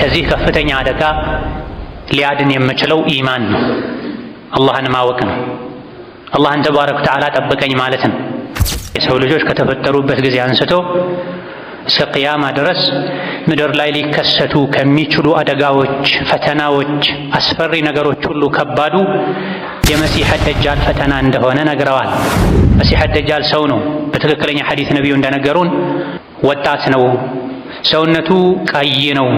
ከዚህ ከፍተኛ አደጋ ሊያድን የምችለው ኢማን ነው። አላህን ማወቅ ነው። አላህን ተባረክ ወተዓላ ጠብቀኝ ማለት ነው። የሰው ልጆች ከተፈጠሩበት ጊዜ አንስቶ እስከ ቅያማ ድረስ ምድር ላይ ሊከሰቱ ከሚችሉ አደጋዎች፣ ፈተናዎች፣ አስፈሪ ነገሮች ሁሉ ከባዱ የመሲሐ ደጃል ፈተና እንደሆነ ነግረዋል። መሲሐ ደጃል ሰው ነው። በትክክለኛ ሐዲት ነቢዩ እንደነገሩን ወጣት ነው። ሰውነቱ ቀይ ነው።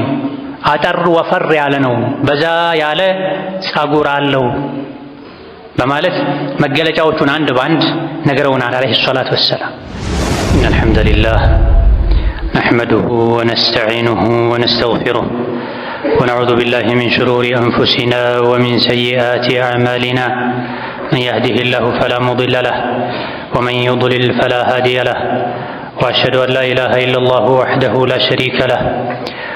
አጠር ወፈር ያለ ነው፣ በዛ ያለ ጸጉር አለው በማለት መገለጫዎቹን አንድ በአንድ ነግረውናል الصلاة ሰላቱ ወሰላም። الحمد لله ነሕመዱሁ ወነስተዒኑሁ ونستغفره ونعوذ بالله من شرور أنفسنا ومن سيئات أعمالنا من يهده الله فلا مضل له ومن يضلل فلا هادي له وأشهد أن لا إله إلا الله وحده لا شريك له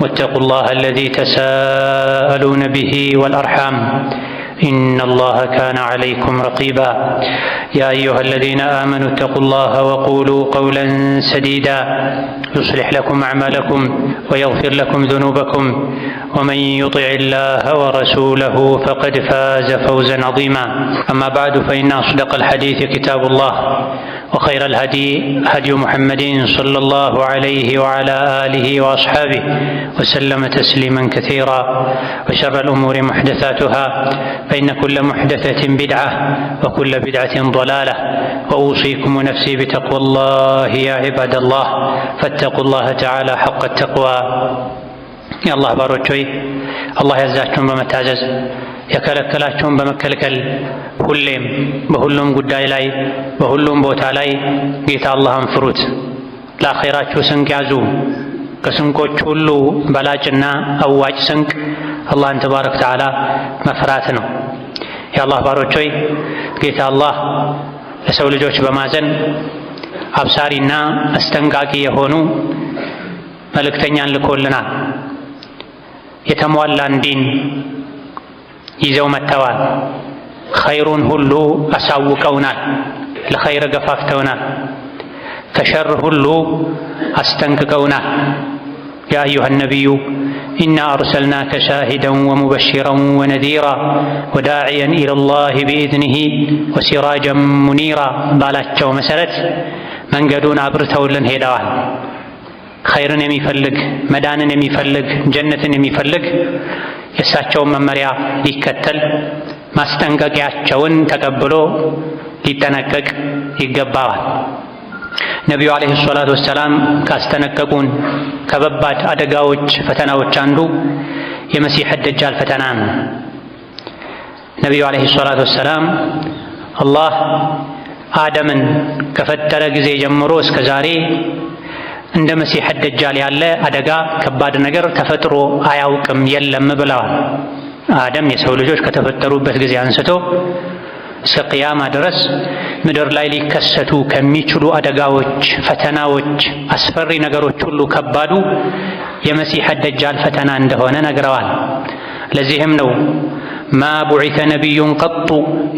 واتقوا الله الذي تساءلون به والأرحام إن الله كان عليكم رقيبا يا أيها الذين آمنوا اتقوا الله وقولوا قولا سديدا يصلح لكم أعمالكم ويغفر لكم ذنوبكم ومن يطع الله ورسوله فقد فاز فوزا عظيما أما بعد فإن أصدق الحديث كتاب الله وخير الهدي هدي محمد صلى الله عليه وعلى آله وأصحابه وسلم تسليما كثيرا وشر الأمور محدثاتها فإن كل محدثة بدعة وكل بدعة ضلالة وأوصيكم نفسي بتقوى الله يا عباد الله فاتقوا الله تعالى حق التقوى يا الله باروتوي الله يا يزاكم بمتعزز የከለከላቸውን በመከልከል ሁሌም በሁሉም ጉዳይ ላይ በሁሉም ቦታ ላይ ጌታ አላህን ፍሩት። ለአኼራችሁ ስንቅ ያዙ። ከስንቆች ሁሉ በላጭና አዋጭ ስንቅ አላህን الله تبارك መፍራት مفراتنا የአላህ ባሮች ሆይ ጌታ አላህ ለሰው ልጆች በማዘን አብሳሪና አስጠንቃቂ የሆኑ መልእክተኛን ልኮልናል። የተሟላን ዲን ይዘው መጥተዋል። ኸይሩን ሁሉ አሳውቀውናል፣ ለኸይር ገፋፍተውናል። ከሸር ሁሉ አስጠንቅቀውናል። ያ አዩሃ ነቢዩ إنا أرسلناك شاهدا ومبشرا ونذيرا وداعيا إلى الله بإذنه وسراجا منيرا بالاتشا ومسلت من قدون أبرتو لن هداوان خيرا يمي فلق مدانا يمي فلق جنة يمي فلق يساتشا ومماريا يكتل ما استنقق يأتشا تقبلو يتنقق يقباوان ነቢዩ ዓለይሂ ሰላቱ ወሰላም ካስጠነቀቁን ከበባድ አደጋዎች፣ ፈተናዎች አንዱ የመሲሕ ደጃል ፈተና ነው። ነቢዩ ዓለይሂ ሰላቱ ወሰላም አላህ አደምን ከፈጠረ ጊዜ ጀምሮ እስከ ዛሬ እንደ መሲሕ ደጃል ያለ አደጋ ከባድ ነገር ተፈጥሮ አያውቅም የለም ብለዋል። አደም የሰው ልጆች ከተፈጠሩበት ጊዜ አንስቶ እስከ ቅያማ ድረስ ምድር ላይ ሊከሰቱ ከሚችሉ አደጋዎች፣ ፈተናዎች፣ አስፈሪ ነገሮች ሁሉ ከባዱ የመሲሕ ደጃል ፈተና እንደሆነ ነግረዋል። ለዚህም ነው ማ ቡዒተ ነቢዩን ቀጡ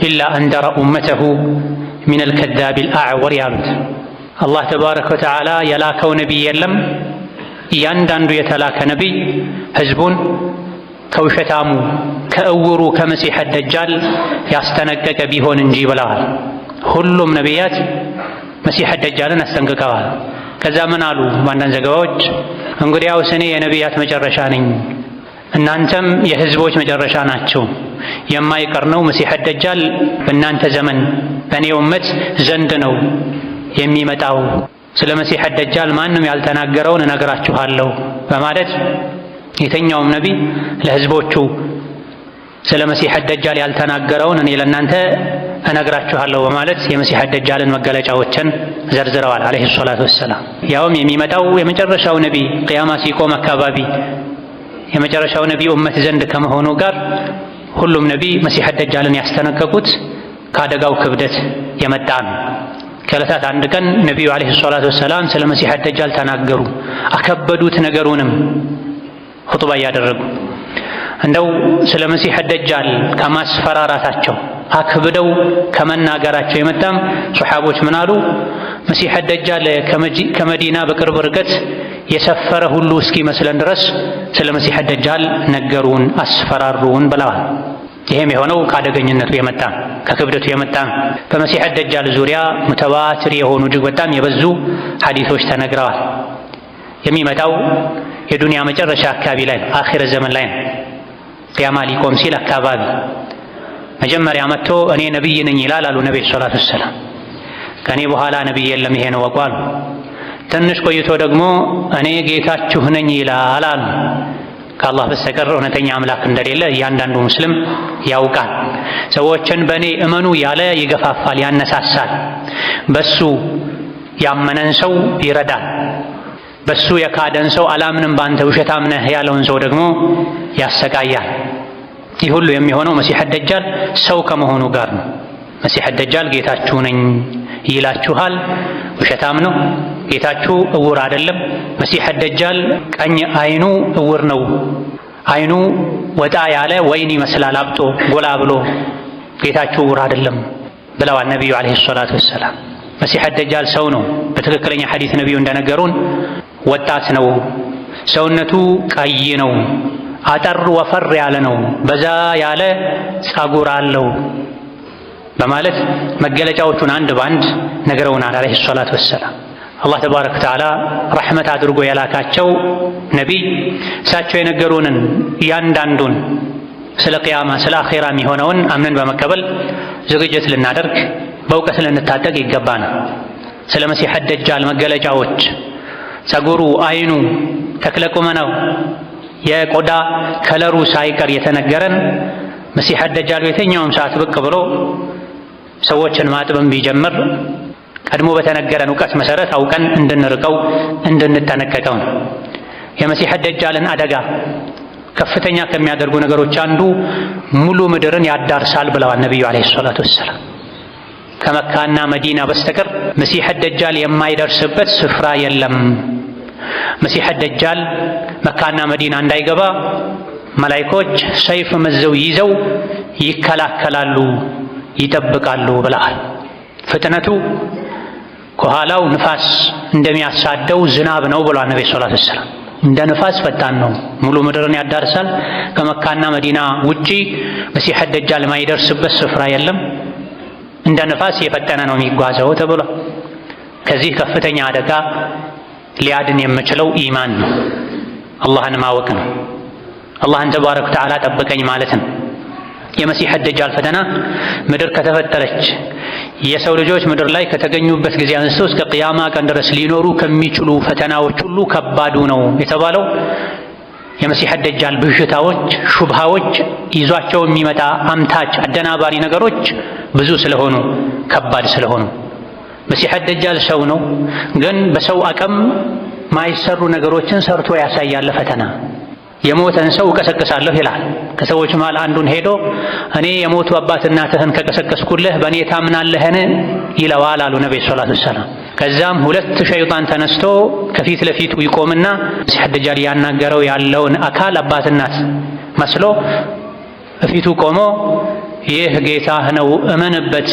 ኢላ አንደራ ኡመተሁ ሚን አልከዛቢ ልአዕወር ያሉት። አላህ ተባረከ ወተዓላ የላከው ነቢይ የለም እያንዳንዱ የተላከ ነቢይ ህዝቡን ከውሸታሙ ከእውሩ ከመሲሕ ደጃል ያስጠነቀቀ ቢሆን እንጂ ብለዋል። ሁሉም ነቢያት መሲሕ ደጃልን አስጠንቅቀዋል። ከዛ ምን አሉ? በአንዳንድ ዘገባዎች እንግዲያውስ እኔ የነቢያት መጨረሻ ነኝ፣ እናንተም የህዝቦች መጨረሻ ናቸው የማይቀር ነው መሲሕ ደጃል በእናንተ ዘመን በእኔ እመት ዘንድ ነው የሚመጣው። ስለ መሲሕ ደጃል ማንም ያልተናገረውን እነግራችኋለሁ በማለት የተኛውም ነቢ ለህዝቦቹ ስለ መሲሕ ደጃል ያልተናገረውን እኔ ለእናንተ እነግራችኋለሁ በማለት የመሲሕ ደጃልን መገለጫዎችን ዘርዝረዋል አለይሂ ሰላቱ ወሰላም። ያውም የሚመጣው የመጨረሻው ነቢ ቅያማ ሲቆም አካባቢ የመጨረሻው ነቢ ኡመት ዘንድ ከመሆኑ ጋር ሁሉም ነቢ መሲሕ ደጃልን ያስተነቀቁት ከአደጋው ክብደት የመጣ ነው። ከዕለታት አንድ ቀን ነቢዩ አለይሂ ሰላቱ ወሰላም ስለ መሲሕ ደጃል ተናገሩ፣ አከበዱት ነገሩንም ኹጥባ እያደረጉ እንደው ስለ መሲህ ደጃል ከማስፈራራታቸው አክብደው ከመናገራቸው የመጣም ሶሓቦች ምን አሉ? መሲህ ደጃል ከመዲና በቅርብ ርቀት የሰፈረ ሁሉ እስኪ መስለን ድረስ ስለ መሲህ ደጃል ነገሩን፣ አስፈራሩን ብለዋል። ይህም የሆነው ከአደገኝነቱ የመጣ ከክብደቱ የመጣ በመሲህ ደጃል ዙሪያ ሙተዋትር የሆኑ እጅግ በጣም የበዙ ሐዲሶች ተነግረዋል። የሚመጣው የዱንያ መጨረሻ አካባቢ ላይ አኺረ ዘመን ላይ ነው። ቅያማ ሊቆም ሲል አካባቢ መጀመሪያ መጥቶ እኔ ነቢይ ነኝ ይላል አሉ ነቢ ሰላቱ ወሰላም። ከእኔ በኋላ ነቢይ የለም ይሄ ነው ወቁ አሉ። ትንሽ ቆይቶ ደግሞ እኔ ጌታችሁ ነኝ ይላል አሉ። ከአላህ በስተቀር እውነተኛ አምላክ እንደሌለ እያንዳንዱ ሙስሊም ያውቃል። ሰዎችን በእኔ እመኑ ያለ ይገፋፋል፣ ያነሳሳል። በሱ ያመነን ሰው ይረዳል። በሱ የካደን ሰው አላምንም ባንተ ውሸታም ነህ ያለውን ሰው ደግሞ ያሰቃያል። ይህ ሁሉ የሚሆነው መሲሐ ደጃል ሰው ከመሆኑ ጋር ነው። መሲሐ ደጃል ጌታችሁ ነኝ ይላችኋል፣ ውሸታም ነው። ጌታችሁ እውር አይደለም። መሲህ ደጃል ቀኝ አይኑ እውር ነው። አይኑ ወጣ ያለ ወይን ይመስላል አብጦ ጎላ ብሎ ጌታችሁ እውር አይደለም ብለዋል ነቢዩ ዓለይሂ ሰላቱ ወሰላም። መሲሐ ደጃል ሰው ነው። በትክክለኛ ሐዲስ ነቢዩ እንደነገሩን ወጣት ነው። ሰውነቱ ቀይ ነው። አጠር ወፈር ያለ ነው። በዛ ያለ ጸጉር አለው በማለት መገለጫዎቹን አንድ በአንድ ነግረውናል። አለይሂ ሰላቱ ወሰላም አላህ ተባረከ ወተዓላ ረሕመት አድርጎ የላካቸው ነቢይ እሳቸው የነገሩንን እያንዳንዱን ስለ ቅያማ ስለ አኼራ የሚሆነውን አምነን በመቀበል ዝግጅት ልናደርግ በእውቀት ልንታጠቅ ይገባናል። ስለ መሲሕ ደጃል መገለጫዎች ጸጉሩ፣ አይኑ፣ ተክለ የቆዳ ከለሩ ሳይቀር የተነገረን መሲሕ ደጃል በየትኛውም ሰዓት ብቅ ብሎ ሰዎችን ማጥበም ቢጀምር ቀድሞ በተነገረን እውቀት መሰረት አውቀን እንድንርቀው እንድንጠነቀቀው ነው። የመሲሕ ደጃልን አደጋ ከፍተኛ ከሚያደርጉ ነገሮች አንዱ ሙሉ ምድርን ያዳርሳል ብለዋል ነቢዩ አለይሂ ሰላቱ ወሰላም። ከመካና መዲና በስተቀር መሲሕ ደጃል የማይደርስበት ስፍራ የለም። መሲሕ ደጃል መካና መዲና እንዳይገባ መላይኮች ሰይፍ መዘው ይዘው ይከላከላሉ፣ ይጠብቃሉ ብለሃል። ፍጥነቱ ከኋላው ንፋስ እንደሚያሳደው ዝናብ ነው ብሏል ነቢ ሰለላሁ ዐለይሂ ወሰለም። እንደ ንፋስ ፈጣን ነው፣ ሙሉ ምድርን ያዳርሳል። ከመካና መዲና ውጪ መሲሕ ደጃል የማይደርስበት ስፍራ የለም። እንደ ነፋስ የፈጠነ ነው የሚጓዘው ተብሏል። ከዚህ ከፍተኛ አደጋ ሊያድን የምችለው ኢማን ነው፣ አላህን ማወቅ ነው፣ አላህን ተባረክ ተዓላ ጠብቀኝ ማለት ነው። የመሲሕ ደጃል ፈተና ምድር ከተፈጠረች የሰው ልጆች ምድር ላይ ከተገኙበት ጊዜ አንስቶ እስከ ቅያማ ቀን ድረስ ሊኖሩ ከሚችሉ ፈተናዎች ሁሉ ከባዱ ነው የተባለው የመሲሕ ደጃል ብዥታዎች፣ ሹብሃዎች ይዟቸው የሚመጣ አምታች አደናባሪ ነገሮች ብዙ ስለሆኑ ከባድ ስለሆኑ መሲሕ ደጃል ሰው ነው፣ ግን በሰው አቅም ማይሰሩ ነገሮችን ሰርቶ ያሳያል። ፈተና የሞተን ሰው እቀሰቅሳለሁ ይላል። ከሰዎች መሃል አንዱን ሄዶ እኔ የሞቱ አባት እናትህን ከቀሰቀስኩልህ በእኔ ታምናለህን ይለዋል አሉ ነቢ ሰላቱ ወሰላም። ከዛም ሁለት ሸይጣን ተነስቶ ከፊት ለፊቱ ይቆምና መሲህ ደጃል ያናገረው ያለውን አካል አባት እናት መስሎ እፊቱ ቆሞ ይህ ጌታህ ነው እመንበት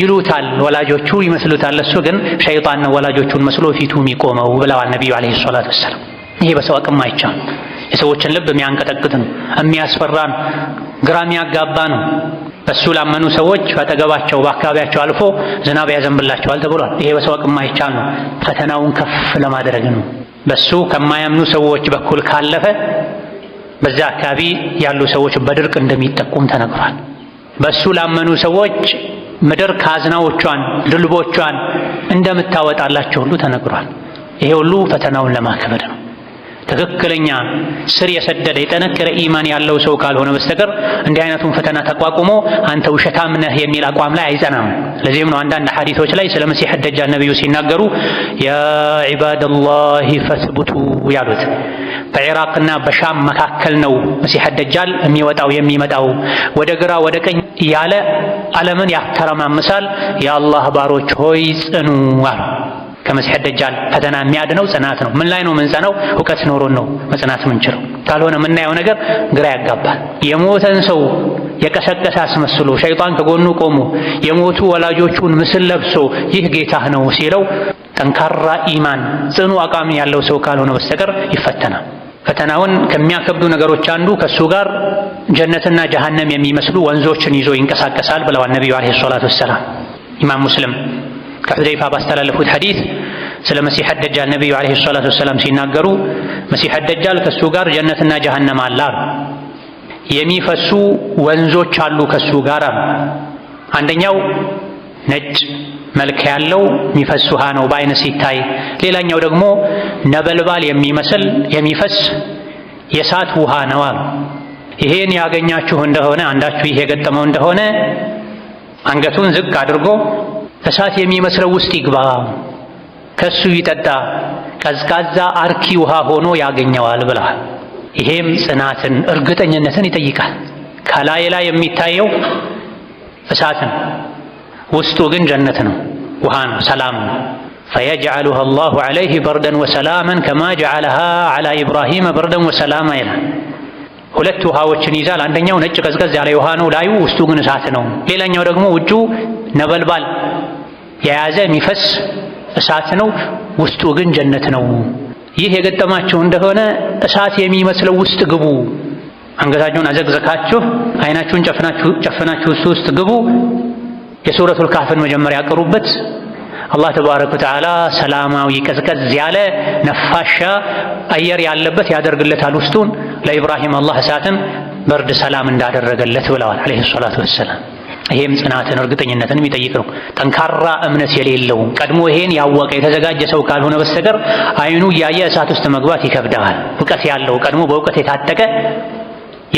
ይሉታል። ወላጆቹ ይመስሉታል፣ እሱ ግን ሸይጣን ነው ወላጆቹን መስሎ ፊቱ የሚቆመው ብለዋል ነቢዩ ዓለይሂ ሰላቱ ወሰላም። ይሄ በሰው አቅም አይቻልም። የሰዎችን ልብ የሚያንቀጠቅጥ ነው፣ የሚያስፈራ ነው፣ ግራ የሚያጋባ ነው። በሱ ላመኑ ሰዎች በአጠገባቸው በአካባቢያቸው አልፎ ዝናብ ያዘንብላቸዋል ተብሏል። ይሄ በሰው አቅም ማይቻል ነው፣ ፈተናውን ከፍ ለማድረግ ነው። በሱ ከማያምኑ ሰዎች በኩል ካለፈ በዛ አካባቢ ያሉ ሰዎች በድርቅ እንደሚጠቁም ተነግሯል። በሱ ላመኑ ሰዎች ምድር ካዝናዎቿን ድልቦቿን እንደምታወጣላቸው ሁሉ ተነግሯል። ይሄ ሁሉ ፈተናውን ለማክበድ ነው። ትክክለኛ ስር የሰደደ የጠነከረ ኢማን ያለው ሰው ካልሆነ በስተቀር እንዲህ አይነቱን ፈተና ተቋቁሞ አንተ ውሸታም ነህ የሚል አቋም ላይ አይጸናም። ለዚህም ነው አንዳንድ ሐዲሶች ላይ ስለ መሲህ ደጃል ነቢዩ ሲናገሩ ያ ዒባደላሂ ፈስቡቱ ያሉት በኢራቅና በሻም መካከል ነው መሲህ ደጃል የሚወጣው የሚመጣው። ወደ ግራ ወደ ቀኝ እያለ ዓለምን ያተረማምሳል። የአላህ ባሮች ሆይ ጽኑ አሉ። ከመሲሕ ደጃል ፈተና የሚያድነው ጽናት ነው። ምን ላይ ነው ምንጸናው? እውቀት ኖሮን ነው መጽናት ምንችለው። ካልሆነ የምናየው ነገር ግራ ያጋባል። የሞተን ሰው የቀሰቀሰ አስመስሎ ሸይጣን ከጎኑ ቆሞ የሞቱ ወላጆቹን ምስል ለብሶ ይህ ጌታህ ነው ሲለው ጠንካራ ኢማን ጽኑ አቋም ያለው ሰው ካልሆነ በስተቀር ይፈተናል። ፈተናውን ከሚያከብዱ ነገሮች አንዱ ከእሱ ጋር ጀነትና ጀሃነም የሚመስሉ ወንዞችን ይዞ ይንቀሳቀሳል ብለዋል ነቢዩ ዓለይሂ ሰላቱ ወሰላም። ኢማም ሙስሊም ከሑዘይፋ ባስተላለፉት ሐዲስ ስለ መሲሐ ደጃል ነቢዩ ዓለይሂ ሰላቱ ወሰላም ሲናገሩ መሲሐ ደጃል ከእሱ ጋር ጀነትና ጀሃነም አለ አሉ። የሚፈሱ ወንዞች አሉ ከእሱ ጋር አሉ። አንደኛው ነጭ መልክ ያለው የሚፈስ ውሃ ነው በአይነ ሲታይ፣ ሌላኛው ደግሞ ነበልባል የሚመስል የሚፈስ የእሳት ውሃ ነው አሉ። ይሄን ያገኛችሁ እንደሆነ አንዳችሁ ይህ የገጠመው እንደሆነ አንገቱን ዝቅ አድርጎ እሳት የሚመስለው ውስጥ ይግባ፣ ከሱ ይጠጣ፣ ቀዝቃዛ አርኪ ውሃ ሆኖ ያገኘዋል ብለዋል። ይሄም ጽናትን እርግጠኝነትን ይጠይቃል። ከላይ ላይ የሚታየው እሳት ነው፣ ውስጡ ግን ጀነት ነው፣ ውሃ ነው፣ ሰላም ነው። ፈየጅዓሉሃ አላሁ ዐለይሂ በርደን ወሰላመን ከማ ጀዓለሃ ዐላ ኢብራሂመ በርደን ወሰላማ ይላል። ሁለት ውሃዎችን ይዛል። አንደኛው ነጭ ቀዝቀዝ ያለ ውሃ ነው፣ ላዩ ውስጡ ግን እሳት ነው። ሌላኛው ደግሞ ውጩ ነበልባል የያዘ የሚፈስ እሳት ነው፣ ውስጡ ግን ጀነት ነው። ይህ የገጠማችሁ እንደሆነ እሳት የሚመስለው ውስጥ ግቡ። አንገታችሁን አዘግዘካችሁ አይናችሁን ጨፍናችሁ ውስጥ ውስጥ ግቡ። የሱረቱል ካፍን መጀመሪያ ያቀሩበት አላህ ተባረከ ወተዓላ ሰላማዊ ቀዝቀዝ ያለ ነፋሻ አየር ያለበት ያደርግለታል ውስጡን ለኢብራሂም አላህ እሳትን በርድ ሰላም እንዳደረገለት ብለዋል አለይሂ ሰላቱ ወሰላም። ይሄም ጽናትን እርግጠኝነትን የሚጠይቅ ነው። ጠንካራ እምነት የሌለው ቀድሞ ይሄን ያወቀ የተዘጋጀ ሰው ካልሆነ በስተቀር አይኑ እያየ እሳት ውስጥ መግባት ይከብደዋል። እውቀት ያለው ቀድሞ በእውቀት የታጠቀ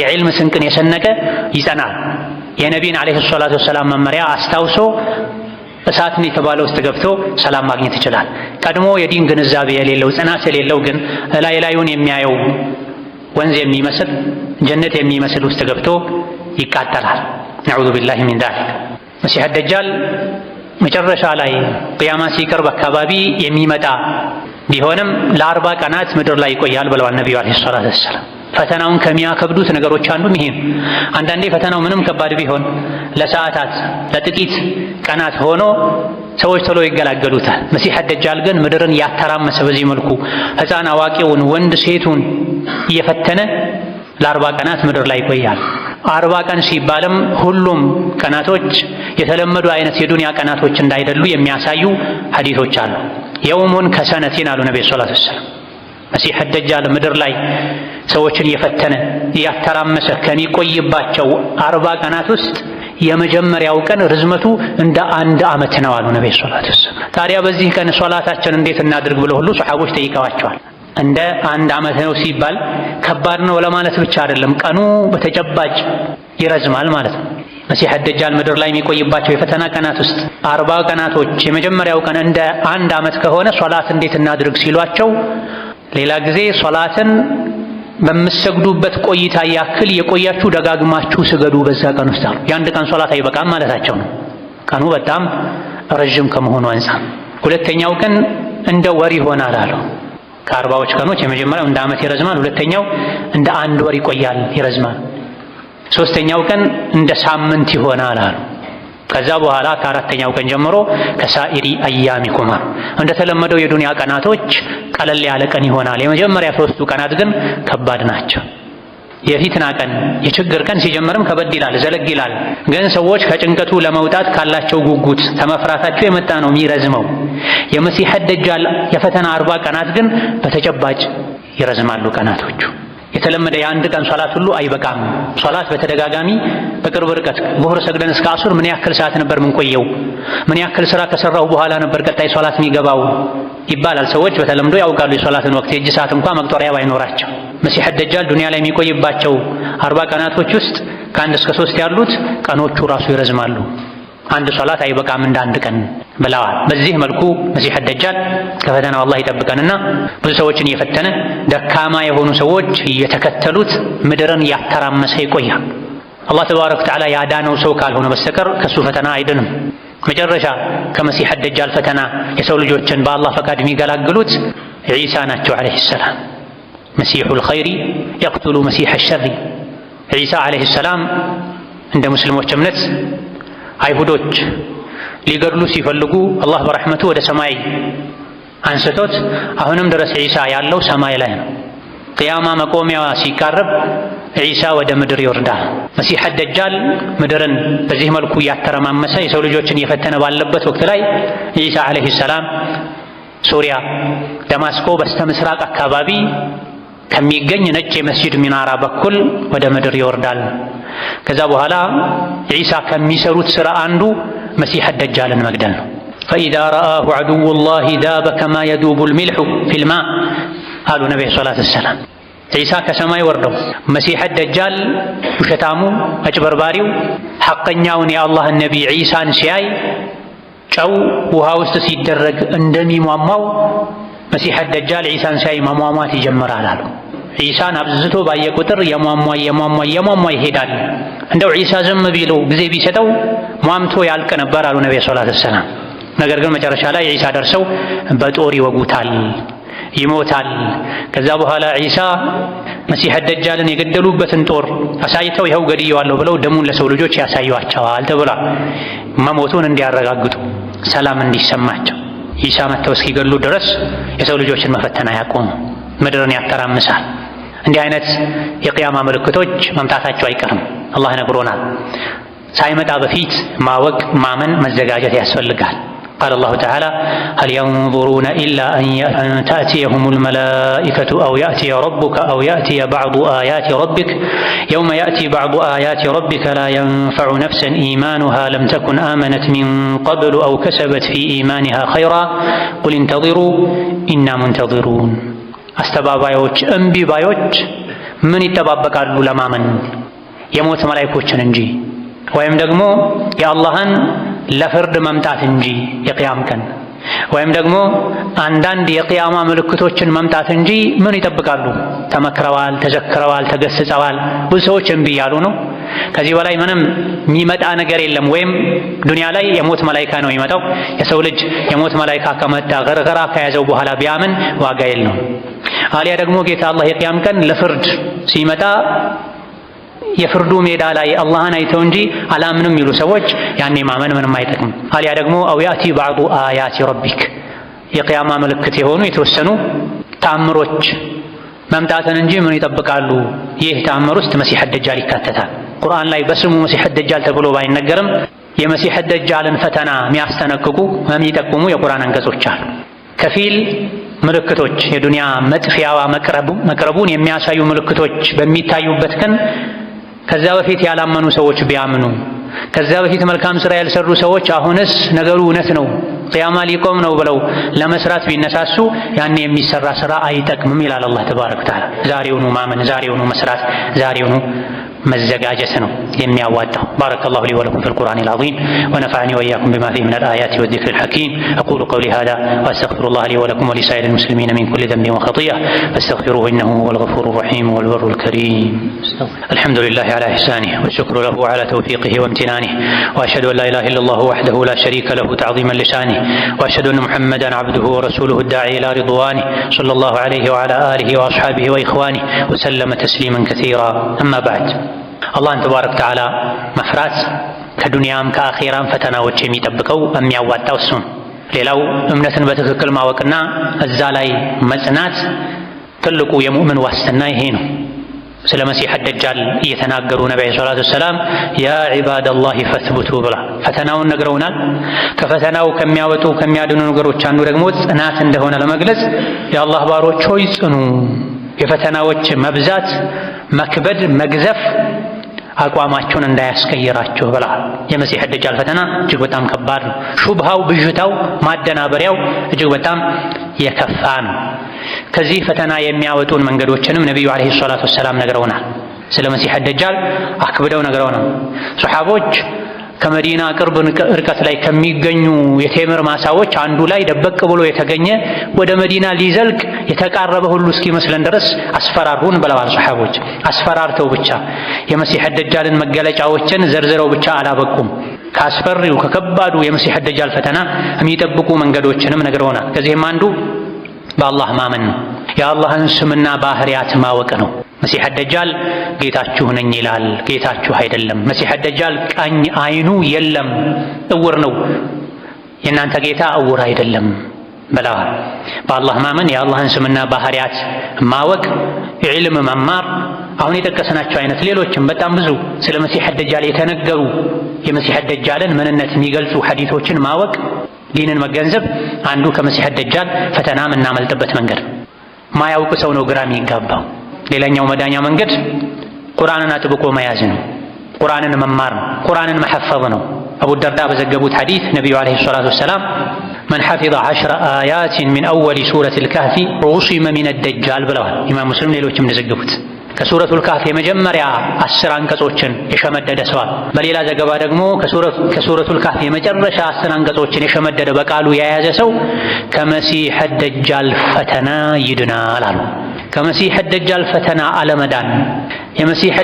የዕልም ስንቅን የሰነቀ ይጸናል። የነቢን አለይሂ ሰላቱ ወሰላም መመሪያ አስታውሶ እሳትን የተባለ ውስጥ ገብቶ ሰላም ማግኘት ይችላል። ቀድሞ የዲን ግንዛቤ የሌለው ጽናት የሌለው ግን እላይ ላዩን የሚያየው ወንዝ የሚመስል ጀነት የሚመስል ውስጥ ገብቶ ይቃጠላል። ነዑዙ ቢላሂ ሚን ዛሊክ መሲሐ ደጃል መጨረሻ ላይ ቅያማ ሲቀርብ አካባቢ የሚመጣ ቢሆንም ለአርባ ቀናት ምድር ላይ ይቆያል ብለዋል ነቢዩ አለይሂ ሰላቱ ወሰላም። ፈተናውን ከሚያከብዱት ነገሮች አንዱም ይሄ ነው። አንዳንዴ ፈተናው ምንም ከባድ ቢሆን ለሰዓታት ለጥቂት ቀናት ሆኖ ሰዎች ቶሎ ይገላገሉታል። መሲህ ደጃል ግን ምድርን ያተራመሰ በዚህ መልኩ ሕፃን አዋቂውን፣ ወንድ ሴቱን እየፈተነ ለአርባ ቀናት ምድር ላይ ይቆያል። አርባ ቀን ሲባልም ሁሉም ቀናቶች የተለመዱ አይነት የዱንያ ቀናቶች እንዳይደሉ የሚያሳዩ ሐዲሶች አሉ። የውሙን ከሰነቲን አሉ ነቢ ሰለላሁ ዐለይሂ ወሰለም። መሲህ ደጃል ምድር ላይ ሰዎችን እየፈተነ እያተራመሰ ከሚቆይባቸው አርባ ቀናት ውስጥ የመጀመሪያው ቀን ርዝመቱ እንደ አንድ ዓመት ነው አሉ ነቢ ሰለላሁ ዐለይሂ ወሰለም። ታዲያ በዚህ ቀን ሶላታችን እንዴት እናድርግ ብለው ሁሉ ሰሓቦች ጠይቀዋቸዋል። እንደ አንድ ዓመት ነው ሲባል ከባድ ነው ለማለት ብቻ አይደለም፣ ቀኑ በተጨባጭ ይረዝማል ማለት ነው። መሲህ ደጃል ምድር ላይ የሚቆይባቸው የፈተና ቀናት ውስጥ አርባ ቀናቶች የመጀመሪያው ቀን እንደ አንድ ዓመት ከሆነ ሶላት እንዴት እናድርግ ሲሏቸው፣ ሌላ ጊዜ ሶላትን በምሰግዱበት ቆይታ ያክል የቆያችሁ ደጋግማችሁ ስገዱ በዛ ቀን ውስጥ አሉ። የአንድ ቀን ሶላት አይበቃም ማለታቸው ነው። ቀኑ በጣም ረዥም ከመሆኑ አንፃር ሁለተኛው ቀን እንደ ወር ይሆናል አሉ። ከአርባዎች ቀኖች የመጀመሪያው እንደ ዓመት ይረዝማል፣ ሁለተኛው እንደ አንድ ወር ይቆያል ይረዝማል። ሶስተኛው ቀን እንደ ሳምንት ይሆናል አሉ። ከዛ በኋላ ከአራተኛው ቀን ጀምሮ ከሳኢሪ አያሚኩም አሉ። እንደተለመደው የዱንያ ቀናቶች ቀለል ያለ ቀን ይሆናል። የመጀመሪያ ሶስቱ ቀናት ግን ከባድ ናቸው። የፊትና ቀን የችግር ቀን ሲጀምርም ከበድ ይላል፣ ዘለግ ይላል። ግን ሰዎች ከጭንቀቱ ለመውጣት ካላቸው ጉጉት ከመፍራታቸው የመጣ ነው የሚረዝመው። የመሲህ ደጃል የፈተና አርባ ቀናት ግን በተጨባጭ ይረዝማሉ ቀናቶቹ። የተለመደ የአንድ ቀን ሶላት ሁሉ አይበቃም። ሶላት በተደጋጋሚ በቅርብ ርቀት ዙህር ሰግደን እስከ አሱር ምን ያክል ሰዓት ነበር ምንቆየው? ምን ያክል ስራ ከሰራሁ በኋላ ነበር ቀጣይ ሶላት የሚገባው ይባላል። ሰዎች በተለምዶ ያውቃሉ የሶላትን ወቅት። የእጅ ሰዓት እንኳ መቅጠሪያ ባይኖራቸው መሲህ ደጃል ዱንያ ላይ የሚቆይባቸው አርባ ቀናቶች ውስጥ ከአንድ እስከ ሶስት ያሉት ቀኖቹ ራሱ ይረዝማሉ። አንድ ሶላት አይበቃም እንደ አንድ ቀን ብለዋል። በዚህ መልኩ መሲህ ደጃል ከፈተናው አላህ ይጠብቀንና ብዙ ሰዎችን እየፈተነ ደካማ የሆኑ ሰዎች እየተከተሉት ምድርን ያተራመሰ ይቆያል። አላህ ተባረከ ወተዓላ ያዳነው ሰው ካልሆነ በስተቀር ከሱ ፈተና አይድንም። መጨረሻ ከመሲህ ደጃል ፈተና የሰው ልጆችን በአላህ ፈቃድ የሚገላግሉት ዒሳ ናቸው ዓለይሂ ሰላም። መሲሑል ኸይሪ የቅቱሉ መሲሐ ሸሪ ዒሳ ዓለይሂ ሰላም እንደ ሙስሊሞች እምነት አይሁዶች ሊገድሉ ሲፈልጉ አላህ በረሕመቱ ወደ ሰማይ አንስቶት አሁንም ድረስ ዒሳ ያለው ሰማይ ላይ ነው። ቅያማ መቆሚያ ሲቃረብ ዒሳ ወደ ምድር ይወርዳል። መሲሐ ደጃል ምድርን በዚህ መልኩ እያተረማመሰ የሰው ልጆችን እየፈተነ ባለበት ወቅት ላይ ዒሳ ዓለይሂ ሰላም ሱሪያ ደማስቆ በስተ ምስራቅ አካባቢ ከሚገኝ ነጭ የመስጂድ ሚናራ በኩል ወደ ምድር ይወርዳል። ከዛ በኋላ ዒሳ ከሚሰሩት ሥራ አንዱ መሲሕ ደጃልን መግደል ነው። ፈኢዛ ረአሁ ዐዱውላሂ ዳበ ከማ የዱቡል ሚልሑ ፊልማ አሉ ነቢዩ ሰላት ሰላም ዒሳ ከሰማይ ወርደው መሲሕ ደጃል ውሸታሙ፣ አጭበርባሪው ሐቀኛውን የአላህን ነቢይ ዒሳን ሲያይ ጨው ውሃ ውስጥ ሲደረግ እንደሚሟሟው መሲሕ ደጃል ዒሳን ሲያይ መሟሟት ይጀምራል አሉ። ዒሳን አብዝቶ ባየ ቁጥር የሟሟ የሟሟ የሟሟ ይሄዳል። እንደው ዒሳ ዝም ቢሉ ጊዜ ቢሰጠው ሟምቶ ያልቅ ነበር አሉ ነቢ ሰላት ሰላም። ነገር ግን መጨረሻ ላይ ዒሳ ደርሰው በጦር ይወጉታል፣ ይሞታል። ከዛ በኋላ ዒሳ መሲሐ ደጃልን የገደሉበትን ጦር አሳይተው ይኸው ገድየዋለሁ ብለው ደሙን ለሰው ልጆች ያሳዩዋቸዋል ተብሏል። መሞቱን እንዲያረጋግጡ ሰላም እንዲሰማቸው ዒሳ መጥተው እስኪገሉ ድረስ የሰው ልጆችን መፈተን አያቆሙ፣ ምድርን ያተራምሳል። እንዲህ አይነት የቅያማ ምልክቶች መምጣታቸው አይቀርም። አላህ ነግሮናል። ሳይመጣ በፊት ማወቅ፣ ማመን፣ መዘጋጀት ያስፈልጋል። ቃለ አላሁ ተዓላ ሀል የንዙሩነ ኢላ አን ተእትየሁሙል መላኢከቱ አው የእትየ ረቡከ አው የእትየ ባዕዱ አያቲ ረቢክ የውመ የእቲ ባዕዱ አያቲ ረቢከ ላ የንፈዑ ነፍሰን ኢማኑሃ ለም ተኩን አመነት ሚን ቀብሉ አው ከሰበት ፊ ኢማኒሃ ኸይራ ቁል እንተዚሩ ኢና ሙንተዚሩን አስተባባዮች፣ እምቢ ባዮች ምን ይጠባበቃሉ ለማመን የሞት መላይኮችን እንጂ ወይም ደግሞ የአላህን ለፍርድ መምጣት እንጂ የቅያም ቀን ወይም ደግሞ አንዳንድ የቅያማ ምልክቶችን መምጣት እንጂ ምን ይጠብቃሉ? ተመክረዋል፣ ተዘክረዋል፣ ተገስጸዋል። ብዙ ሰዎች እምቢ እያሉ ነው። ከዚህ በላይ ምንም የሚመጣ ነገር የለም። ወይም ዱንያ ላይ የሞት መላይካ ነው የሚመጣው። የሰው ልጅ የሞት መላይካ ከመጣ ገርገራ ከያዘው በኋላ ቢያምን ዋጋ የለው። አሊያ ደግሞ ጌታ አላህ የቅያም ቀን ለፍርድ ሲመጣ የፍርዱ ሜዳ ላይ አላህን አይተው እንጂ አላምንም ይሉ ሰዎች ያኔ ማመን ምንም አይጠቅም። አሊያ ደግሞ አው ያእቲ ባዕዱ አያቲ ረቢክ የቅያማ ምልክት የሆኑ የተወሰኑ ታምሮች መምጣትን እንጂ ምን ይጠብቃሉ? ይህ ተአምር ውስጥ መሲህ ደጃል ይካተታል። ቁርአን ላይ በስሙ መሲህ ደጃል ተብሎ ባይነገርም የመሲህ ደጃልን ፈተና የሚያስተነቅቁ የሚጠቁሙ የቁርአን አንቀጾች አሉ። ከፊል ምልክቶች የዱንያ መጥፊያዋ መቅረቡን የሚያሳዩ ምልክቶች በሚታዩበት ቀን ከዛ በፊት ያላመኑ ሰዎች ቢያምኑ፣ ከዛ በፊት መልካም ስራ ያልሰሩ ሰዎች አሁንስ ነገሩ እውነት ነው ቅያማ ሊቆም ነው ብለው ለመስራት ቢነሳሱ ያኔ የሚሰራ ስራ አይጠቅምም ይላል አላህ ተባረከ ወተዓላ። ዛሬውኑ ማመን፣ ዛሬውኑ መስራት፣ ዛሬውኑ مزجاجسنو يميا واتا بارك الله لي ولكم في القرآن العظيم ونفعني وإياكم بما فيه من الآيات والذكر الحكيم أقول قولي هذا وأستغفر الله لي ولكم ولسائر المسلمين من كل ذنب وخطيئة فاستغفروه إنه هو الغفور الرحيم والبر الكريم الحمد لله على إحسانه والشكر له على توفيقه وامتنانه وأشهد أن لا إله إلا الله وحده لا شريك له تعظيما لسانه وأشهد أن محمدا عبده ورسوله الداعي إلى رضوانه صلى الله عليه وعلى آله وأصحابه وإخوانه وسلم تسليما كثيرا أما بعد አላህን ተባረክ ተዓላ መፍራት ከዱንያም ከአኼራም ፈተናዎች የሚጠብቀው የሚያዋጣው እሱ ነው። ሌላው እምነትን በትክክል ማወቅና እዛ ላይ መጽናት ትልቁ የሙእምን ዋስትና ይሄ ነው። ስለ መሲሕ ደጃል እየተናገሩ ነቢ ዐለይሂ ሰላቱ ወሰላም ያ ዒባደላሂ ፈትቡቱ ብላ ፈተናውን ነግረውናል። ከፈተናው ከሚያወጡ ከሚያድኑ ነገሮች አንዱ ደግሞ ጽናት እንደሆነ ለመግለጽ የአላህ ባሮች ሆይ ጽኑ፣ የፈተናዎች መብዛት መክበድ መግዘፍ አቋማቸውን እንዳያስቀይራችሁ ብለዋል። የመሲህ ደጃል ፈተና እጅግ በጣም ከባድ ነው። ሹብሃው፣ ብዥታው፣ ማደናበሪያው እጅግ በጣም የከፋ ነው። ከዚህ ፈተና የሚያወጡን መንገዶችንም ነቢዩ ዓለይሂ ሰላቱ ወሰላም ነግረውናል። ስለ መሲህ ደጃል አክብደው ነግረውናል ሶሐቦች ከመዲና ቅርብ ርቀት ላይ ከሚገኙ የቴምር ማሳዎች አንዱ ላይ ደበቅ ብሎ የተገኘ ወደ መዲና ሊዘልቅ የተቃረበ ሁሉ እስኪመስለን ድረስ አስፈራሩን ብለዋል ሰሓቦች። አስፈራርተው ብቻ የመሲሕ ደጃልን መገለጫዎችን ዘርዝረው ብቻ አላበቁም። ከአስፈሪው ከከባዱ የመሲሕ ደጃል ፈተና የሚጠብቁ መንገዶችንም ነግረውናል። ከዚህም አንዱ በአላህ ማመን ነው። የአላህን ስምና ባህሪያት ማወቅ ነው። መሲሐ ደጃል ጌታችሁ ነኝ ይላል። ጌታችሁ አይደለም። መሲሐ ደጃል ቀኝ አይኑ የለም፣ እውር ነው። የእናንተ ጌታ እውር አይደለም ብለዋል። በአላህ ማመን የአላህን ስምና ባህሪያት ማወቅ፣ ዒልም መማር፣ አሁን የጠቀስናቸው አይነት ሌሎችም በጣም ብዙ ስለ መሲሐ ደጃል የተነገሩ የመሲሐ ደጃልን ምንነት የሚገልጹ ሐዲቶችን ማወቅ፣ ዲንን መገንዘብ አንዱ ከመሲሐ ደጃል ፈተና የምናመልጥበት መንገድ። ማያውቅ ሰው ነው ግራ የሚጋባው። ሌላኛው መዳኛ መንገድ ቁርአንን አጥብቆ መያዝ ነው። ቁርአንን መማር ነው። ቁርአንን መሐፈዝ ነው። አቡ ደርዳ በዘገቡት ሐዲስ ነቢዩ ዓለይሂ ሰላቱ ወሰላም መን ሐፊዘ ዐሽረ አያትን ሚን አወሊ ሱረቲል ካህፊ ዑሲመ ሚነ ደጃል ብለዋል። ኢማም ሙስሊም ሌሎችም እንደዘገቡት ከሱረቱል ካህፍ የመጀመሪያ አስር አንቀጾችን የሸመደደ ሰዋል። በሌላ ዘገባ ደግሞ ከሱረቱል ካህፍ የመጨረሻ አስር አንቀጾችን የሸመደደ በቃሉ የያዘ ሰው ከመሲሕ ደጃል ፈተና ይድናል አሉ። ከመሲሕ ደጃል ፈተና አለመዳን። የመሲሕ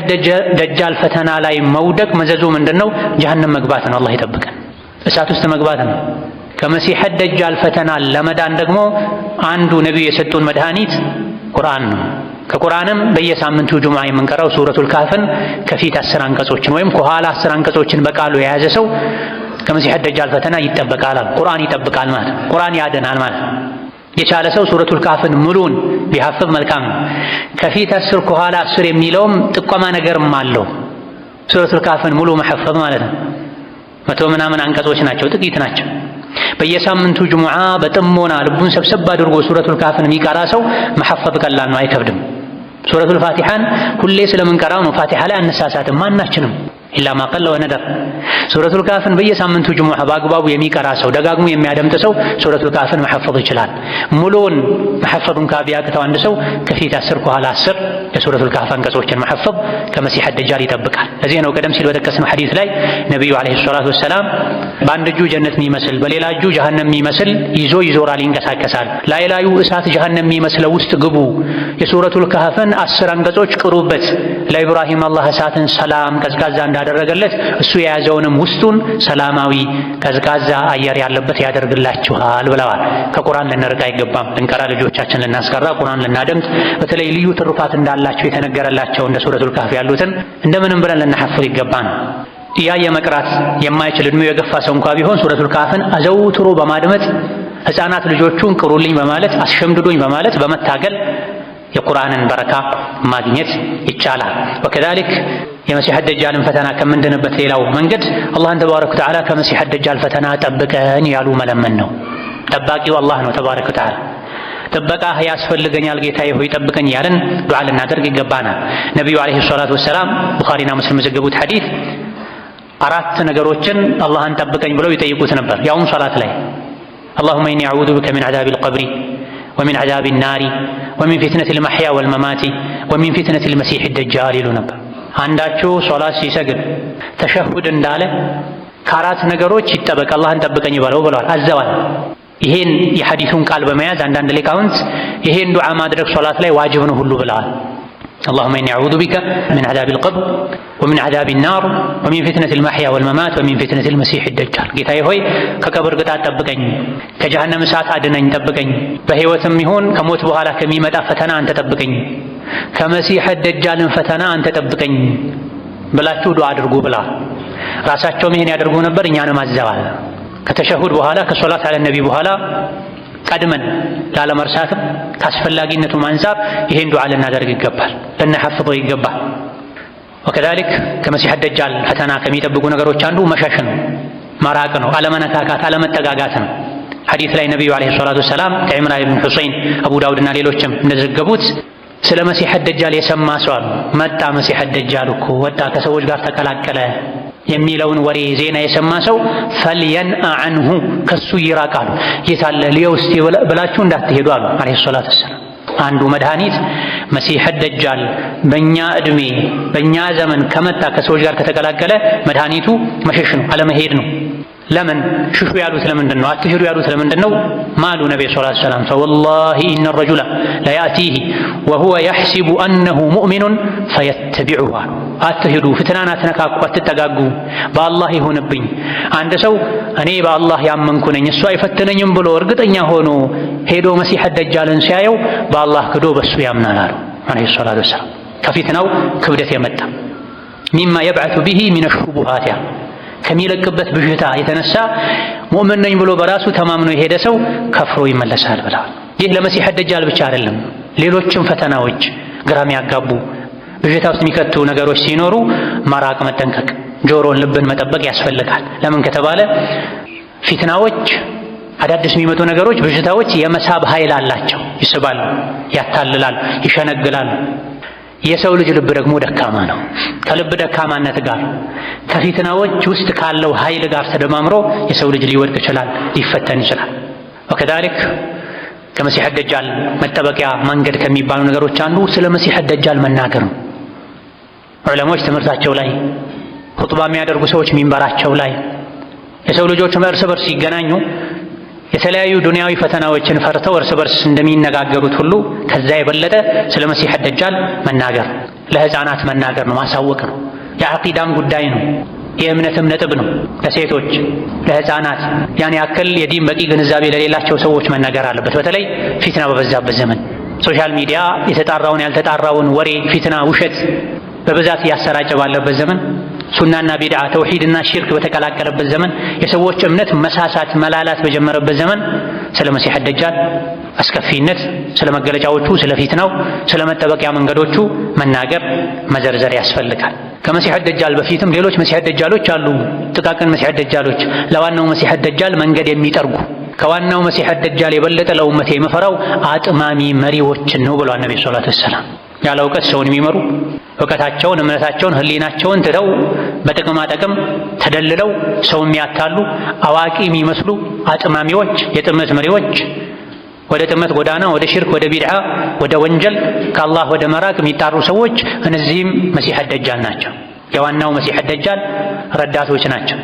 ደጃል ፈተና ላይ መውደቅ መዘዙ ምንድነው? ጀሀነም መግባት ነው። አላህ ይጠብቀን፣ እሳት ውስጥ መግባት ነው። ከመሲሕ ደጃል ፈተና ለመዳን ደግሞ አንዱ ነቢዩ የሰጡን መድኃኒት ቁርአን ነው። ከቁርአንም በየሳምንቱ ጁምዓ የምንቀራው ሱረቱል ካህፍን ከፊት አስር አንቀጾችን ወይም ከኋላ አስር አንቀጾችን በቃሉ የያዘ ሰው ከመሲሕ ደጃል ፈተና ይጠበቃል። ቁርአን ይጠብቃል ማለት ቁርአን ያድናል ማለት የቻለ ሰው ሱረቱል ካፍን ሙሉን ቢሐፍብ መልካም ነው። ከፊት አስር ከኋላ አስር የሚለውም ጥቆማ ነገርም አለው። ሱረቱል ካፍን ሙሉ መሐፈብ ማለት ነው። መቶ ምናምን አንቀጾች ናቸው፣ ጥቂት ናቸው። በየሳምንቱ ጅሙዓ በጥሞና ልቡን ሰብሰብ አድርጎ ሱረቱል ካፍን የሚቀራ ሰው መሐፈብ ቀላል ነው፣ አይከብድም። ሱረቱል ፋቲሃን ሁሌ ስለምንቀራው ነው ፋቲሃ ላይ አነሳሳትም ማናችንም ኢላ ማቀል ወነደር ሱረቱል ካፍን በየሳምንቱ ጅሙዓ በአግባቡ የሚቀራ ሰው ደጋግሞ የሚያደምጥ ሰው ሱረቱል ካፍን መሐፈዝ ይችላል። ሙሉውን መሐፈዙን ካቢያቅተው አንድ ሰው ከፊት አስር ከኋላ አስር የሱረቱል ካፍ አንቀጾችን መሐፈዝ ከመሲሕ ደጃል ይጠብቃል። ለዚህ ነው ቀደም ሲል በጠቀስነው ሐዲስ ላይ ነቢዩ ዓለይሂ ሰላቱ ወሰላም በአንድ እጁ ጀነት የሚመስል በሌላ እጁ ጀሃነም የሚመስል ይዞ ይዞራል፣ ይንቀሳቀሳል። ላይላዩ እሳት ጀሃነም የሚመስለው ውስጥ ግቡ፣ የሱረቱል ካፍን አስር አንቀጾች ቅሩበት፣ ለኢብራሂም አላህ እሳትን ሰላም ቀዝቃዛ ያደረገለት እሱ የያዘውንም ውስጡን ሰላማዊ ቀዝቃዛ አየር ያለበት ያደርግላችኋል ብለዋል። ከቁርአን ልንርቅ አይገባም። ልንቀራ፣ ልጆቻችን ልናስቀራ፣ ቁርአን ልናደምጥ፣ በተለይ ልዩ ትሩፋት እንዳላቸው የተነገረላቸው እንደ ሱረቱል ካፍ ያሉትን እንደምንም ብለን ልናሐፍር ይገባን። ያ የመቅራት የማይችል እድሜው የገፋ ሰው እንኳ ቢሆን ሱረቱል ካፍን አዘውትሮ በማድመጥ ህፃናት ልጆቹን ቅሩልኝ በማለት አስሸምድዶኝ በማለት በመታገል የቁርአንን በረካ ማግኘት ይቻላል። ወከዛሊክ የመሲህ ደጃልን ፈተና ከምንድንበት ሌላው መንገድ አላህን ተባረከ ወተዓላ ከመሲህ ደጃል ፈተና ጠብቀን ያሉ መለመን ነው። ጠባቂው አላህ ነው ተባረከ ወተዓላ። ጥበቃህ ያስፈልገኛል ጌታዬ ሆይ ጠብቀኝ ያለን ዱዓ ልናደርግ ይገባናል። ነቢዩ ዓለይሂ ሰላቱ ወሰላም ቡኻሪና ሙስሊም የዘገቡት ሐዲስ አራት ነገሮችን አላህን ጠብቀኝ ብለው ይጠይቁት ነበር ያውም ሶላት ላይ አላሁመ ኢኒ አዑዙ ቢከ ሚን ዐዛቢል ቀብሪ ወሚን ዓዛቢ ናሪ ወሚን ፊትነት ልማሕያ ወልመማቲ ወሚን ፊትነት ልመሲሕ ደጃል ይሉ ነበር። አንዳችሁ ሶላት ሲሰግድ ተሸሁድ እንዳለ ከአራት ነገሮች ይጠበቅ አላህን ጠብቀኝ በለው ብለዋል፣ አዘዋል። ይሄን የሐዲሱን ቃል በመያዝ አንዳንድ ሊቃውንት ይሄን ዱዓ ማድረግ ሶላት ላይ ዋጅብ ነው ሁሉ ብለዋል። አላሁመ ኢኒ አዑዙ ቢከ ሚን ዓዛቢል ቀብር ወሚን ዓዛቢን ናር ወሚን ፊትነቲል መሕያ ወልመማት ወሚን ፊትነቲል መሲሕ ደጃል። ጌታዬ ሆይ ከቀብር ቅጣት ጠብቀኝ፣ ከጀሃነም እሳት አድነኝ፣ ጠብቀኝ። በሕይወትም ይሁን ከሞት በኋላ ከሚመጣ ፈተና አንተ ጠብቀኝ፣ ከመሲሕ ደጃልን ፈተና አንተ ጠብቀኝ ብላችሁ ዱዓ አድርጉ ብላ ራሳቸውም ይሄን ያደርጉ ነበር። እኛንም አዘዋል። ከተሸሁድ በኋላ ከሶላት አለ ነቢ በኋላ ቀድመን ላለመርሳትም ከአስፈላጊነቱ አንፃር ይሄን ዱዓ ልናደርግ ይገባል፣ ልናሐፍበው ይገባል። ወከዛሊክ ከመሲሕ ደጃል ፈተና ከሚጠብቁ ነገሮች አንዱ መሸሽ ነው፣ መራቅ ነው፣ አለመነካካት፣ አለመጠጋጋት ነው። ሐዲት ላይ ነቢዩ ዓለይሂ ሰላቱ ወሰላም ከዕምራን ብን ሑሰይን አቡ ዳውድና ሌሎችም እንደዘገቡት ስለ መሲህ ደጃል የሰማ ሰው መጣ መሲህ ደጃል እኮ ወጣ ከሰዎች ጋር ተቀላቀለ የሚለውን ወሬ ዜና የሰማ ሰው ፈልየንአ አንሁ ከሱ ይራቃሉ። የታለ ሊየውስቲ ብላችሁ እንዳትሄዱ አሉ አለይሂ ሰላቱ ወሰላም። አንዱ መድኃኒት መሲህ ደጃል በእኛ እድሜ በእኛ ዘመን ከመጣ ከሰዎች ጋር ከተቀላቀለ መድኃኒቱ መሸሽ ነው፣ አለመሄድ ነው። ለምን ሽሹ ያሉት ለምንድን ነው? አትሄዱ ያሉት ለምንድን ነው? ማሉ ነቢይ ሰለላሁ ዐለይሂ ወሰለም ፈወላሂ ኢነ ረጁለ ለያእቲህ ወሁወ የሕሲቡ አነሁ ሙእሚኑን ፈየተቢዑሁ አትሄዱ፣ ፍትናን አትነካኩ፣ አትጠጋጉ፣ በአላህ ይሁንብኝ። አንድ ሰው እኔ በአላህ ያመንኩ ነኝ እሱ አይፈትነኝም ብሎ እርግጠኛ ሆኖ ሄዶ መሲሕ ደጃልን ሲያየው በአላህ ክዶ በሱ ያምናል አሉ ዐለይሂ ሰላቱ ወሰላም። ከፊትናው ክብደት የመጣ ሚማ የብዐቱ ቢሂ ሚነ ሹቡሃት ከሚለቅበት ብዥታ የተነሳ ሙእምን ነኝ ብሎ በራሱ ተማምኖ የሄደ ሰው ከፍሮ ይመለሳል ብለዋል። ይህ ለመሲህ ደጃል ብቻ አይደለም፣ ሌሎችም ፈተናዎች ግራም ያጋቡ ብዥታ ውስጥ የሚከቱ ነገሮች ሲኖሩ መራቅ፣ መጠንቀቅ፣ ጆሮን ልብን መጠበቅ ያስፈልጋል። ለምን ከተባለ ፊትናዎች፣ አዳዲስ የሚመጡ ነገሮች፣ ብዥታዎች የመሳብ ኃይል አላቸው። ይስባሉ፣ ያታልላሉ፣ ይሸነግላሉ። የሰው ልጅ ልብ ደግሞ ደካማ ነው። ከልብ ደካማነት ጋር ከፊትናዎች ውስጥ ካለው ኃይል ጋር ተደማምሮ የሰው ልጅ ሊወድቅ ይችላል፣ ሊፈተን ይችላል። ወከዛሊክ ከመሲሕ ደጃል መጠበቂያ መንገድ ከሚባሉ ነገሮች አንዱ ስለ መሲሕ ደጃል መናገር ነው። ዑለሞች ትምህርታቸው ላይ፣ ኹጥባ የሚያደርጉ ሰዎች ሚንበራቸው ላይ የሰው ልጆች እርስ በርስ ሲገናኙ የተለያዩ ዱንያዊ ፈተናዎችን ፈርተው እርስ በርስ እንደሚነጋገሩት ሁሉ ከዛ የበለጠ ስለ መሲህ ደጃል መናገር ለህፃናት መናገር ነው፣ ማሳወቅ ነው። የአቂዳም ጉዳይ ነው፣ የእምነትም ነጥብ ነው። ለሴቶች ለህፃናት ያን ያክል የዲን በቂ ግንዛቤ ለሌላቸው ሰዎች መናገር አለበት። በተለይ ፊትና በበዛበት ዘመን ሶሻል ሚዲያ የተጣራውን ያልተጣራውን ወሬ፣ ፊትና፣ ውሸት በብዛት እያሰራጨ ባለበት ዘመን ሱናና ቢድዓ ተውሂድና ሽርክ በተቀላቀለበት ዘመን የሰዎች እምነት መሳሳት መላላት በጀመረበት ዘመን ስለ መሲሕ ደጃል አስከፊነት፣ ስለ መገለጫዎቹ፣ ስለ ፊትናው፣ ስለ መጠበቂያ መንገዶቹ መናገር መዘርዘር ያስፈልጋል። ከመሲሕ ደጃል በፊትም ሌሎች መሲሕ ደጃሎች አሉ። ጥቃቅን መሲሕ ደጃሎች ለዋናው መሲሕ ደጃል መንገድ የሚጠርጉ ከዋናው መሲሕ ደጃል የበለጠ ለኡመቴ የምፈራው አጥማሚ መሪዎችን ነው ብሏል ነቢ ሰላቱ ወሰላም። ያለ እውቀት ሰውን የሚመሩ እውቀታቸውን፣ እምነታቸውን፣ ህሊናቸውን ትተው በጥቅማ ጥቅም ተደልለው ሰው የሚያታሉ አዋቂ የሚመስሉ አጥማሚዎች፣ የጥመት መሪዎች ወደ ጥመት ጎዳና፣ ወደ ሽርክ፣ ወደ ቢድዓ፣ ወደ ወንጀል ከአላህ ወደ መራቅ የሚጣሩ ሰዎች እነዚህም መሲሐ ደጃል ናቸው። የዋናው መሲሐ ደጃል ረዳቶች ናቸው።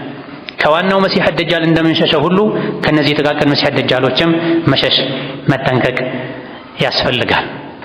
ከዋናው መሲሐ ደጃል እንደምንሸሸው ሁሉ ከነዚህ ጥቃቅን መሲሐ ደጃሎችም መሸሽ መጠንቀቅ ያስፈልጋል።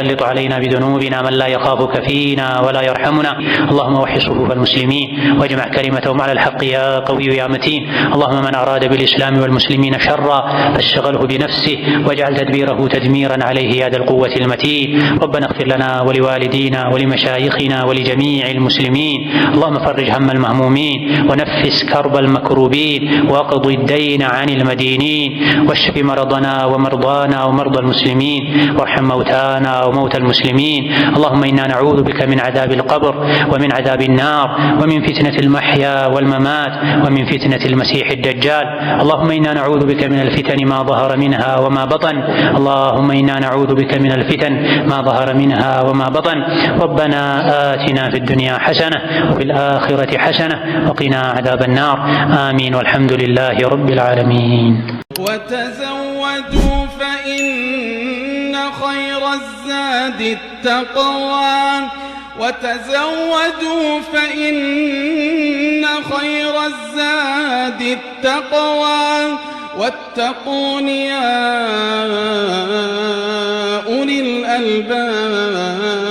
تسلط علينا بذنوبنا من لا يخافك فينا ولا يرحمنا اللهم وحي صفوف المسلمين واجمع كلمتهم على الحق يا قوي يا متين اللهم من أراد بالإسلام والمسلمين شرا فاشغله بنفسه واجعل تدبيره تدميرا عليه يا ذا القوة المتين ربنا اغفر لنا ولوالدينا ولمشايخنا ولجميع المسلمين اللهم فرج هم المهمومين ونفس كرب المكروبين واقض الدين عن المدينين واشف مرضنا ومرضانا ومرضى المسلمين وارحم موتانا وموت المسلمين اللهم إنا نعوذ بك من عذاب القبر ومن عذاب النار ومن فتنة المحيا والممات ومن فتنة المسيح الدجال اللهم إنا نعوذ بك من الفتن ما ظهر منها وما بطن اللهم إنا نعوذ بك من الفتن ما ظهر منها وما بطن ربنا آتنا في الدنيا حسنة وفي الآخرة حسنة وقنا عذاب النار آمين والحمد لله رب العالمين وتزودوا فإن عباد التقوى وتزودوا فإن خير الزاد التقوى واتقون يا أولي الألباب